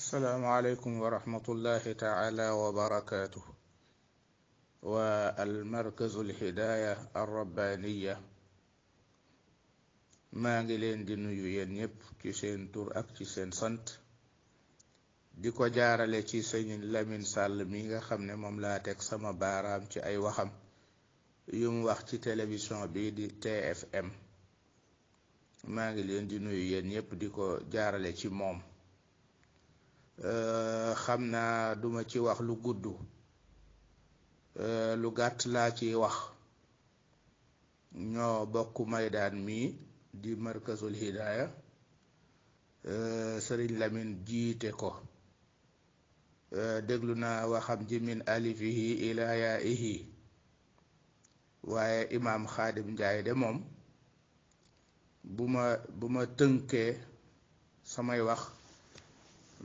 السلام عليكم ورحمة الله تعالى وبركاته والمركز الهداية الربانية ما غلين دي نيو ينيب كسين تور اك كسين سنت دي كو جارة لكي سنين لمن سالميغا خمني مملاتك سما بارام كي اي وخم يوم وقت تلفزيون بي دي تي اف ام ما غلين دي نيو ينيب دي كو جارة لكي موم Euh, xam naa duma ci wax lu gudd euh, lu gàtt laa ci wax ñoo bokk maydaan mii di markazul hidaaya euh, sëriñ Lamin jiite ko déglu naa waxam ji min alifihi ilaa yaa'ihi waaye imaam xaadim njaay de moom bu ma bu ma tënkee samay wax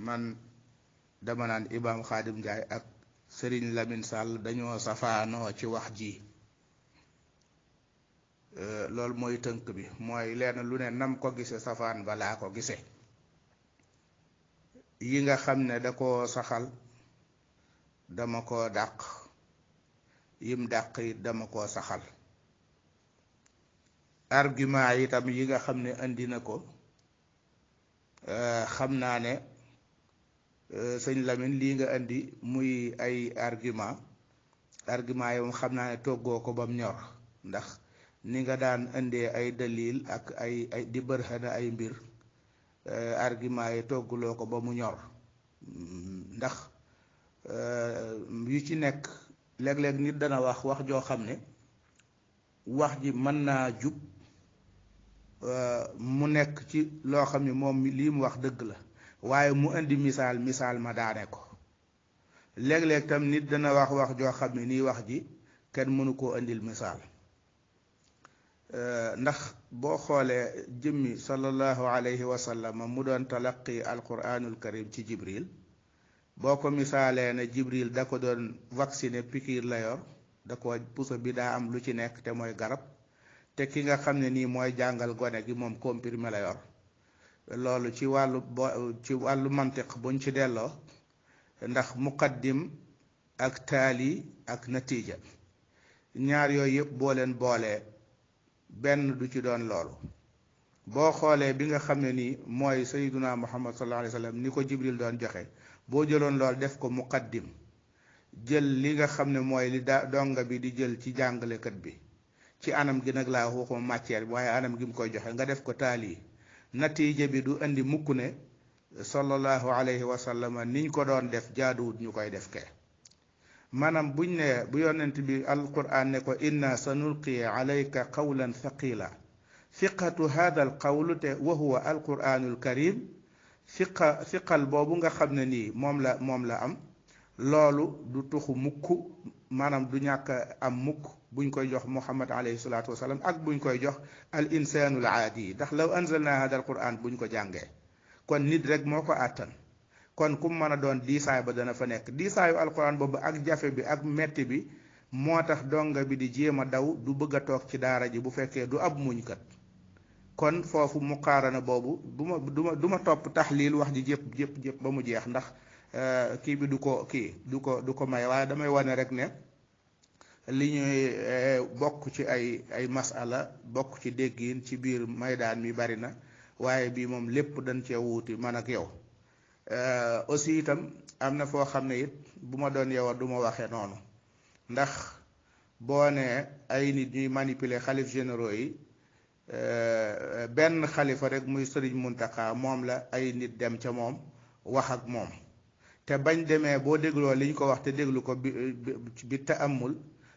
man dama naan imaam xaadim njaay ak sëriñ lamin sàll dañoo safaanoo ci wax ji euh, loolu mooy tënk bi mooy lenn lu ne nam ko gise safaan balaa ko gise yi nga xam ne da koo saxal dama koo dàq yim dàq it dama koo saxal argument yi tam yi nga xam ne indi na ko euh, xam naa ne Euh, sëñ Lamine lii nga indi muy ay argument argument yi xam naa ne toggoo ko bam ñor ndax ni nga daan indee ay dalil ak ay ay ay mbir euh, argument yi togguloo ko ba mu ñor ndax euh, yu ci nekk léeg-léeg nit dana wax wax joo xam ne wax ji mën naa jub mu nekk ci loo xam ne moom lii mu wax dëgg la waaye mu indi misaal misaal ma daane ko léeg-léeg tam nit dana wax wax joo xam ne nii wax ji kenn mënu koo indil misaal ndax boo xoolee jëmmi sallallahu alayhi wa sallam mu doon talaqi alquranul karim ci jibril boo ko misaalee ne jibril da ko doon vacciné pikiir la yor da ko puso bi daa am lu ci nekk te mooy garab te ki nga xam ne nii mooy jàngal gone gi moom comprimé la yor loolu ci wàllu bo ci wàllu mantiq buñ ci delloo ndax muqaddim ak taali ak natiija ñaar yooyu yëpp boo leen boolee benn du ci doon loolu boo xoolee bi nga xam ne nii mooy sayyiduna muhammad sallallahu alayhi wa sallam ni ko jibril doon joxe boo jëloon lool def ko muqaddim jël li nga xam ne mooy li da donga bi di jël ci jàngalekat bi ci anam gi nag laa waxuma matière waaye anam gi mu koy joxe nga def ko taali natiije bi du indi mukk ne sallallahu alayhi wa sallam niñ ko doon def jaaduwut ñu koy def kee maanaam buñ ne bu yonent bi alquran ne ko inna sanulqi alayka qawlan thaqila fiqatu hadha al te wa huwa alquranul karim fiqa fiqal nga xam ne nii moom moom la am loolu du tuxu mukk maanaam du ñàkk am mukk buñ koy jox muhammad alayhi salatu wasalam ak buñ koy jox al insanu al aadi ndax law anzalna hada al quran buñ ko jàngee kon nit rek moo ko àttan kon ku mën a doon diisaay ba dana fa nekk diisaayu alquran boobu ak jafe bi ak metti bi moo tax donga bi di jéem a daw du bëgg a toog ci daara ji bu fekkee du ab muñkat kon foofu muqaarana boobu duma duma duma topp taxliil wax ji jëpp jëpp jëpp ba mu jeex ndax Eh, kii bi du ko kii du ko du ko may waaye damay wane rek ne li ñuy eh, bokk ci ay ay masala bokk ci déggin ci biir maydaan mi bari na waaye bii moom lépp dañ cee wuuti man ak yow eh, aussi itam am na foo xam ne it bu ma doon yow du ma waxee noonu ndax boo ne ay nit ñuy manipule xalif généraux yi benn xalifa rek muy sëriñ Muntaxa moom la ay nit dem ca moom wax ak moom te bañ demee boo dégloo li ñu ko wax te déglu ko bi bi te amul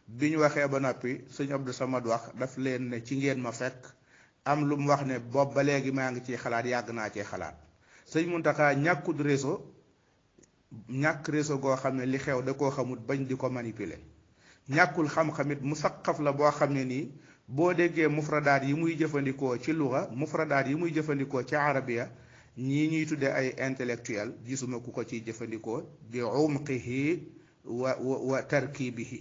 bi ñu waxee ba noppi sëñ Abdou Samad wax daf leen ne ci ngeen ma fekk am lu mu wax ne boobu ba léegi maa ngi ciy xalaat yàgg naa cee xalaat sëñ Muntaxa ñàkkut réseau ñàkk réseau goo xam ne li xew da koo xamut bañ di ko manipuler ñàkkul xam-xamit mu saqaf la boo xam ne nii boo déggee mufradaat yi muy jëfandikoo ci luga mufradaat yi muy jëfandikoo ci arabiya ñii ñuy tuddee ay intellectuel gisuma ku ko ciy jëfandikoo bi umqihi wa wa wa tarkibihi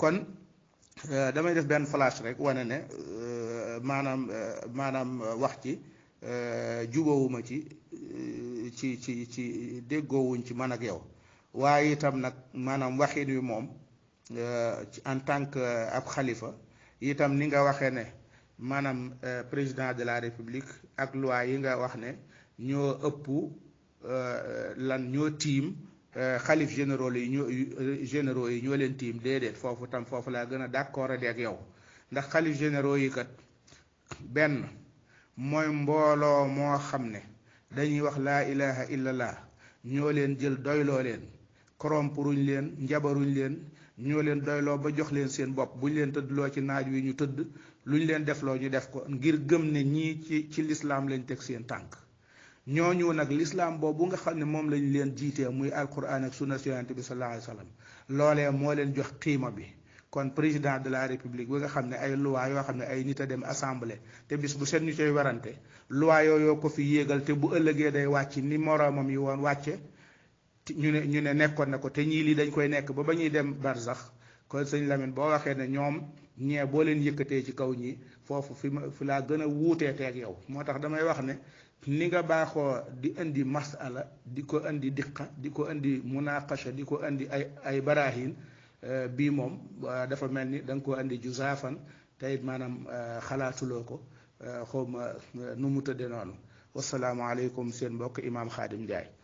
kon euh, damay def benn flash rek wane ne euh, maanaam euh, maanaam wax ci jubóowuma ci ci ci ci déggoowuñ ci man ak yow waaye itam nag maanaam waxin wi moom en tant que ab xalifa itam ni nga waxee ne maanaam euh, président de la république ak loi yi nga wax ne ñoo ëpp euh, lan ñoo tiim euh, xalif généraux yi ñoo généraux yi ñoo leen tiim déedéet foofu tam foofu laa gën a d'accord ak yow ndax xalif généraux yi kat benn mooy mbooloo moo xam ne dañuy wax laa ilaha illallah ñoo leen jël doyloo leen korompuruñ leen njabaruñ leen ñoo leen doyloo ba jox leen seen bopp bu ñu leen tëddloo ci naaj wi ñu tëdd lu ñu leen defloo ñu def ko ngir gëm ne ñii ci ci lislaam lañ teg seen tànk ñoo ñooñu nag lislaam boobu nga xam ne moom lañ leen jiitee muy alquran ak sunna yonent bi sallallahu alayhi wa loolee moo leen jox xiima bi kon président de la république bi nga xam ne ay loi yoo xam ne ay nit a dem assemblée te bis bu seen ñu coy warante loi yooyu ko fi yéegal te bu ëllëgee day wàcc ni moroomam yi woon wàcce ñu ne ñu ne nekkoon na ko te ñii lii dañ koy nekk ba ba ñuy dem barzax kon sëñ Lamine boo waxee ne ñoom ñee boo leen yëkkatee ci kaw ñi foofu fi ma fu laa gën a wuutee teeg yow moo tax damay wax ne ni nga baaxoo di indi masala di ko indi diq di ko indi munaqasha di ko indi ay ay barahin euh, bii moom dafa mel ni da nga ko indi jusaafan tey it maanaam euh, xalaatuloo ko euh, xawma nu mu tëdde noonu wasalaamaaleykum seen mbokk imaam Xaadim Njaay